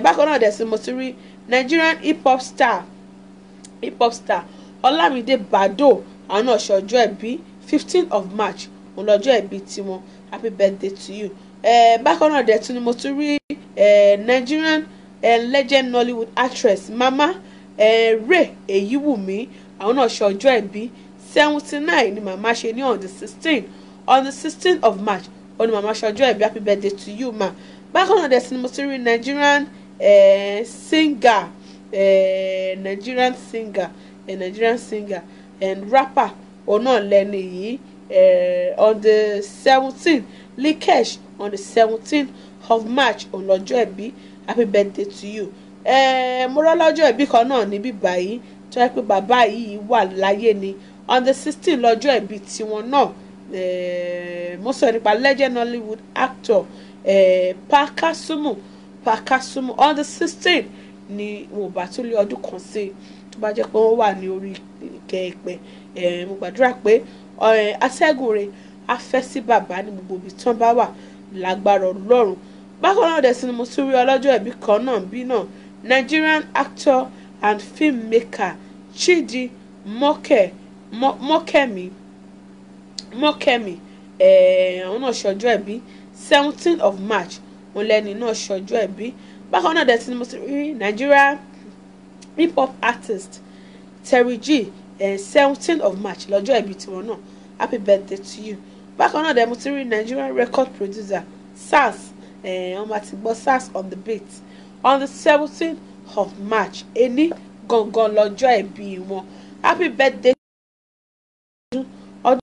bákan náà dẹ̀ sí mo tún rí nigerian hip hop star hip hop star ọlámídé bàdó àwọn náà ṣọjọ́ ìbí fifteen of march òun lọ́jọ́ ìbí tiwọn happy birthday to you Eh, bákan náà dẹ̀ tún ni mo tún rí eh, Nigerian eh, legend Nollywood actress Mama Ray Èyíwùmí àwọn náà ṣe ọjọ́ ìbí seventy nine ni màmá ṣe ní on the sixteen on the sixteen of March ó ní màmá ṣe ọjọ́ ìbí happy birthday to you ma bákan náà dẹ̀ tún ni mo tún rí Nigerian singer Nigerian singer Nigerian singer and rapper òun náà lẹ́ni yìí on the seventeen Likesh on the seventeenth of march ọlọ́jọ́ ẹ̀bí happy birthday to you. Eh, mo rọ́ lọ́jọ́ ẹ̀bí kan náà níbí báyìí tó yẹ pé bàbá yìí wà láyé ni on the sixteen lọ́jọ́ ẹ̀bí tiwọn náà eh, mo sọ nípa legend Hollywood actor eh, Pakasumu Pakasumu on the sixteen ni mo ò bá tún lé ọdún kan sí tó bá jẹ́ pé wọ́n wà ní orí kẹ̀ẹ̀pẹ̀ mo gbàdúrà pé atẹ́gùn rẹ̀ afẹ́ sí bàbá ní gbogbo ibi tí wọ́n bá wà lágbára ọlọ́run bákan náà dẹ̀sí ni mo tún rí ọlọ́jọ́ ẹ̀bí kan náà bí náà Nigerian actor and filmmaker Chidi Moke Mokemi Mokemi àwọn eh, náà ṣọjọ́ ẹ̀bí seventeen of March òun lẹ́ni náà ṣọjọ́ ẹ̀bí bákan náà dẹ̀sí ni mo tún rí Nigerian hip hop artist Terry G eh, seventeen of March lọ́jọ́ ẹ̀bí tiwọn náà happy birthday to you bákan náà dẹ̀ mo ti rí Nigerian record producer SARS eh, ọmọ àti gbọ́ SARS on the beat on the seventeenth of March ení gangan lọ́jọ́ ẹ̀bí wọn happy birthday ọdún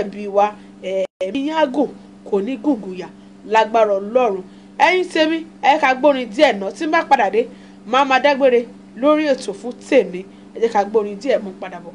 ẹ̀bí wa eh, ẹ̀mí yágùn kò ní gùngùn yà lágbára Ọlọ́run ẹ̀yin tèmi ẹ ká gbórin díẹ̀ náà tí n bá padà dé màá máa dágbére lórí ètò fún tèmi ẹ ká gbórin díẹ̀ mú padà bọ̀.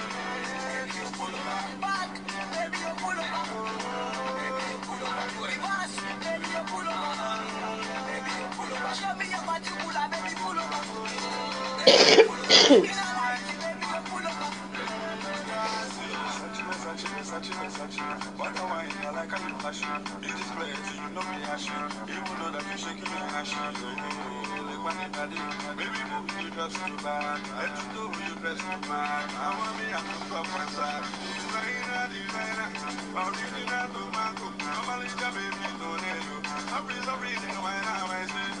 I'm reason, reason why now I say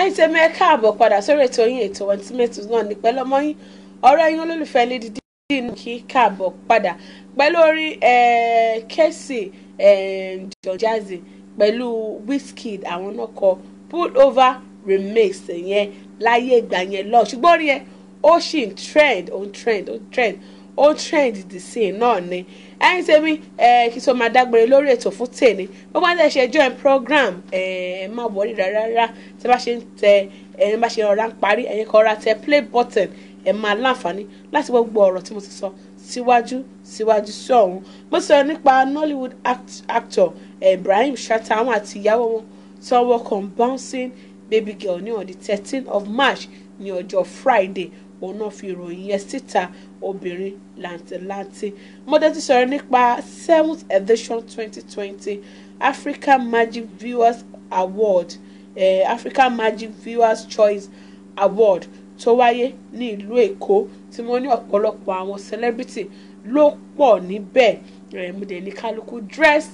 ẹ̀yin tèmi ẹ káàbọ̀ padà sórí ètò yín ètò Ultimates náà ní pẹ̀lú ọmọ yín ọ̀rọ̀ yín olólùfẹ́ lady d inú kí káàbọ̀ padà pẹ̀lú orin kẹ́sì jọjáàzì pẹ̀lú Wizkid àwọn náà kọ pull over remix yẹn láyé ìgbà yẹn lọ ṣùgbọ́n orin yẹn ó ṣì ń trend ó ń trend ó ń trend ó trend the same náà ni ẹyin tèmi ẹ kí tó máa dágbére lórí ètò fún tèmi bó bá tẹ ṣe join program ẹ ẹ má wọlé rárá tẹ bá ṣe ń tẹ ẹ bá ṣe ọ̀rá ń parí ẹyin kan ra tẹ play button ẹ máa láǹfààní láti gbogbo ọ̀rọ̀ tí mo ti sọ síwájú síwájú sí ọ̀hún mo sọ nípa Nollywood act actor Ibrahim Chatta àwọn àti ìyàwó wọn tí wọ́n wọ́kọ̀ bouncing baby girl ní on the thirteen of March ní ọjọ́ Friday òun náà fi ìròyìn yẹn síta obìnrin làǹtìlanti mo dé ti sọ̀rọ̀ nípa seventh edition twenty twenty Africa Magic Viewers Award eh, Africa Magic Viewers Choice Award tó wáyé ní ìlú Èkó tí wọ́n ní ọ̀pọ̀lọpọ̀ àwọn celebrity ló pọ̀ níbẹ̀ eh, mo dé ní kálukú dress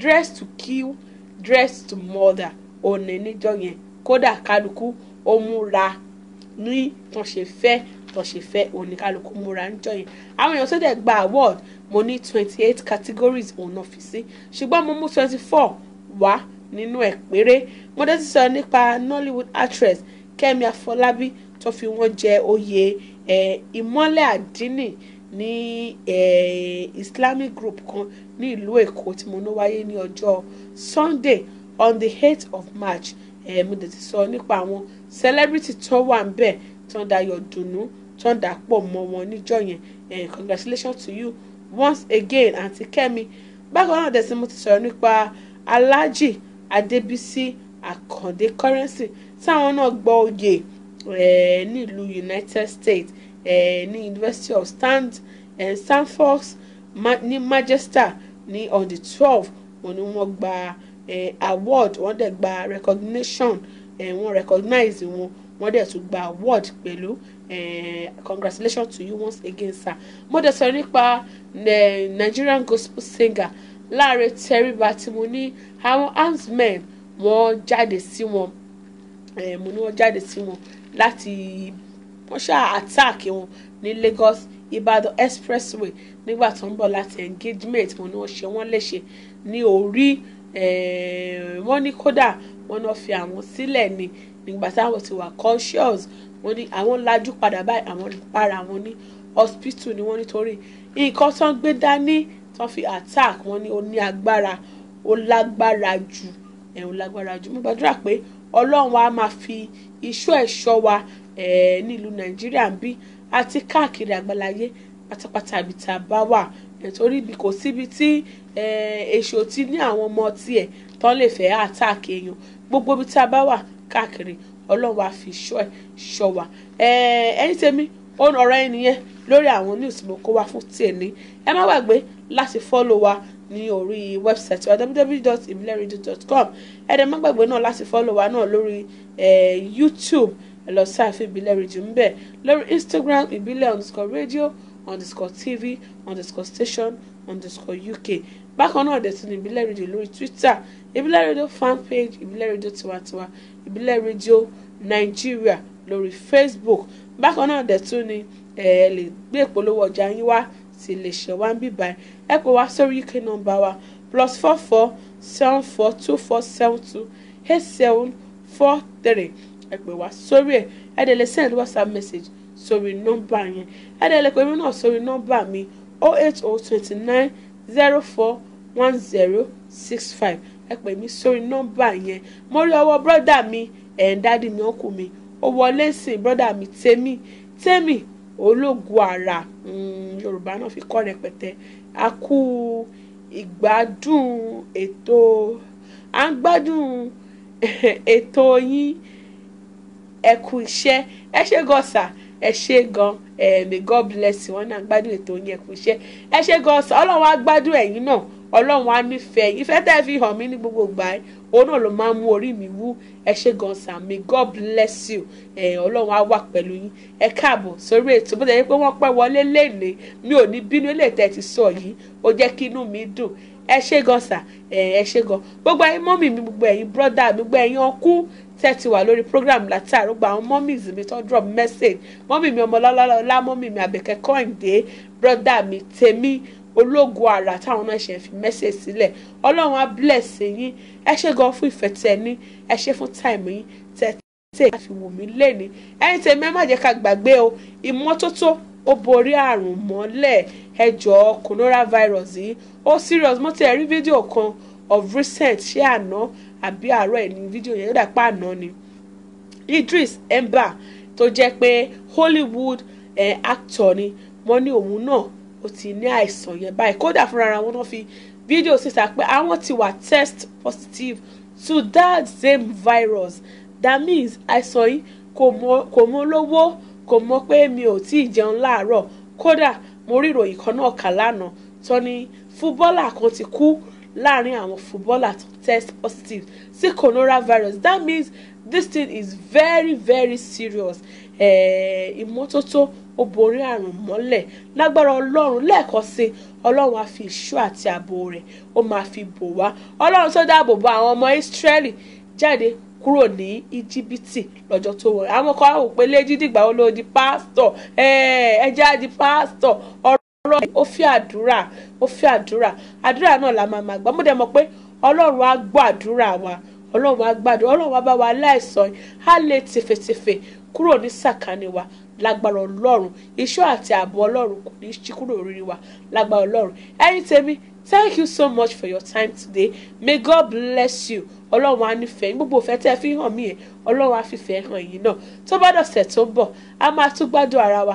dress to kill dress to murder òní níjọ yẹn kódà kálukú ó múra ní tọ́ṣe fẹ́ tọ́ṣe fẹ́ oníkálukú múra ń jọyìn àwọn èèyàn tó dẹ̀ gba award mo ní twenty eight categories òun náà fi sí ṣùgbọ́n mo mú twenty four wá nínú ẹ̀ péré mo dé ti sọ nípa Nollywood actress Kẹ́mi Afọlábí tó fi wọ́n jẹ oyè ìmọ́lẹ̀ àdínì ní Islamic group kan ní ìlú Èkó tí mo ní wáyé ní ọjọ́ Sunday on the eight of March mo dé ti sọ nípa àwọn celebrity tó wà ń bẹ̀ tó ń dayọ̀ dùnú tó ń dàpọ̀ mọ́ wọn níjọ́ yẹn and eh, congratulations to you once again àǹtí kẹ́mi bákan náà dẹ̀sí mo ti sọ̀rọ̀ nípa aláàjì adébísí àkàndé currency táwọn náà gbọ́ oyè eh, nílùú united states eh, ní university of stand, eh, stanford ní manchester ní on the twelve òní wọ́n gba eh, award wọ́n dẹ̀ gba recognition Eh, wọ́n recognize wọn wọ́n dẹ̀ tún gba award pẹ̀lú eh, congratulations to you once again sir mo dẹ̀ sọ nípa eh, Nigerian gospel singer Láre Tẹríba tí mo ní àwọn handsmen wọ́n jáde sí wọn mo ní wọ́n jáde sí wọn láti wọ́n ṣáà attack wọn ní Lagos Ìbàdàn expressway nígbà tó ń bọ̀ láti engagement mo ní wọ́n ṣe wọ́n léṣe ní orí wọ́n ní kódà wọ́n náà fi àwọn sílẹ̀ ni nígbà táwọn ti wà conscious wọ́n ní àwọn lajú padà báyìí àwọn para wọn ní hospital ni wọ́n nítorí nǹkan tán gbé dání tán fi attack wọ́n ní ó ní agbára ó lágbára jù ẹ̀hún lágbára jù mo gbàdúrà pé ọlọ́run á máa fi iṣu ẹ̀ṣọ́ wa nílùú nàìjíríà ń bí àti káàkiri àgbáláyé pátápátá ibi tá a bá wà nítorí ibi kò síbi tí èṣù ti ní àwọn ọmọ tiẹ̀ tán lè fẹ́ attack èèyàn gbogbo ibi tí a bá wà káàkiri ọlọ́run wa fi ṣọ́ ẹ̀ ṣọ́ wa ẹ̀yin tèmi òun ọ̀rọ̀ ẹni yẹn lórí àwọn news mo kó wa fún tiẹ̀ ní ẹ má gbàgbé láti fọ́lọ̀ wa ní orí wẹ́bsáìtì wa www.ibileradio.com ẹ dẹ̀ má gbàgbé náà láti fọ́lọ̀ wa náà lórí YouTube ẹ lọ sáàfì ìbílẹ̀ rédíò ń bẹ̀ lórí Instagram ìbílẹ̀ underscore radio underscore tv underscore station underscore uk bákan náà dẹ̀ tún ìbílẹ̀ rédíò lórí Twitter ìbílẹ̀ rédíò fanpage ìbílẹ̀ rédíò tiwantiwa ìbílẹ̀ rédíò nàìjíríà lórí facebook bákan náà dẹ̀ tún ni ẹ lè gbé ìpolówó ọjà yín wá sí iléeṣẹ́ wa ń bíbá ẹ pè wá sórí uk nọ́mbà wa plus four four seven four two four seven two eight seven four three ẹ pè wá sórí ẹ ẹ dẹ̀ lè send whatsapp message sórí nọ́mbà yẹn ẹ dẹ̀ lè pè mí náà sórí nọ́mbà mi oh oh zero six five ẹ pè mí sórí nọ́mbà yẹn mo rí ọwọ́ brọ́dà mi ẹ̀ ń dádì mi ọkù mi ó wọlé sìn brọ́dà mi tèmi tèmi ológun àrà hmm, yorùbá náà fi kọ́ rẹpẹtẹ a kú ìgbádùn ètò à <laughs> eh, ń gbádùn ètò yín ẹ kú iṣẹ́ ẹ ṣe gọ́sà ẹ ṣe gan ẹ̀mí god bless you wọn náà gbádùn ètò yín ẹ kú iṣẹ́ ẹ ṣe gọ́sà ọlọ́run á gbádùn ẹ̀yin náà ọlọ́run á nífẹ̀ẹ́ ìfẹ́ tẹ́ fi hàn mí ní gbogbo ìgbà ẹ̀ òun náà ló máa ń mú orí mi wú ẹ ṣe gan sir may god bless you ẹ ọlọ́run á wà pẹ̀lú yín ẹ káàbọ̀ sórí ètò bó ṣe yẹ pé wọ́n pẹ́ wọlé léèlé mi ò ní bínú ilé tẹ́ ti sọ yìí ó jẹ́ kí inú mi dùn ẹ ṣe gan sir ẹ ẹ ṣe gan gbogbo ẹ̀yin mọ́mì mi gbogbo ẹ̀yin brọ́dà mi gbogbo ẹ̀yin ọkú tẹ́ ti wà lórí program látàárọ̀ gba àwọn mọ́mìs mi tó drop message mọ́mì mi ọmọ lọ́lọ́lọ́lá mọ́mì mi àbẹ̀kẹ́ kọ́ìndé brọ́dà mi tèmi ológo àrà táwọn náà ṣe ń fi mẹ́sẹ̀ sílẹ̀ ọlọ́run á bless yín ẹ ṣe gan fún ìfẹ́ tẹ ní ẹ ṣe fún táìmù yín tẹ tẹ láti wò mí lẹ́ni ẹ̀yin tèmi ẹ má jẹ́ ká gbàgbé o ìmọ́tótó ó borí àrùn mọ́lẹ̀ ẹ jọ̀ọ́ coronavirus yìí ó serious mo ti rí fídíò kan of recent ṣé àná àbí àárọ̀ ẹ̀ ní fídíò yẹn dàpá àná ni Idris Emba tó jẹ́ pé Hollywood eh, actor ni wọ́n ní òun náà ó ti ní àìsàn yẹn báyìí kódà fúnra wọn náà fi fídíò síta pé àwọn ti wà test positive to that same virus that means àìsàn yìí kò mọ lówó kò mọ pé mi ò tí ì jẹun láàárọ̀ kódà mo rí ìròyìn kan náà kà lánàá tó ní fúbọ́là kan ti kú láàrin àwọn fúbọ́là tó test positive sí coronavirus that means this thing is very very serious ìmọ́tótó eh, ó borí àrùn mọ́lẹ̀ lágbára ọlọ́run lẹ́ẹ̀kan sí ọlọ́run á fi ìṣọ́ àti ààbò rẹ̀ ó máa fi bò wá ọlọ́run tó dáàbò bo àwọn ọmọ Ísírẹ́lì jáde kúrò ní íjíbítì lọ́jọ́ tó wọ̀ àwọn kan ò pé léjì dìgbà ó di pásítọ̀ ẹ di pásítọ̀ ọ̀rọ̀ ó fi àdúrà ó fi àdúrà àdúrà náà la máa máa mo dẹ̀ mọ̀ pé ọlọ́run á wa ọlọ́run á gbàdúrà ọlọ́run á bá wa láìsàn á lè kúrò lágbára ọlọ́run iṣẹ́ àti ààbò ọlọ́run kò ní ṣí kúrò lórí wa lágbára ọlọ́run ẹ̀yin tèmi thank you so much for your time today may God bless you ọlọ́run á nífẹ̀ẹ́ yín gbogbo òfẹ́ tẹ́ ẹ fi hàn mí yẹn ọlọ́run á fìfẹ́ hàn yín náà tó bá dọ̀sẹ̀ tó ń bọ̀ a máa tún gbádùn ara wa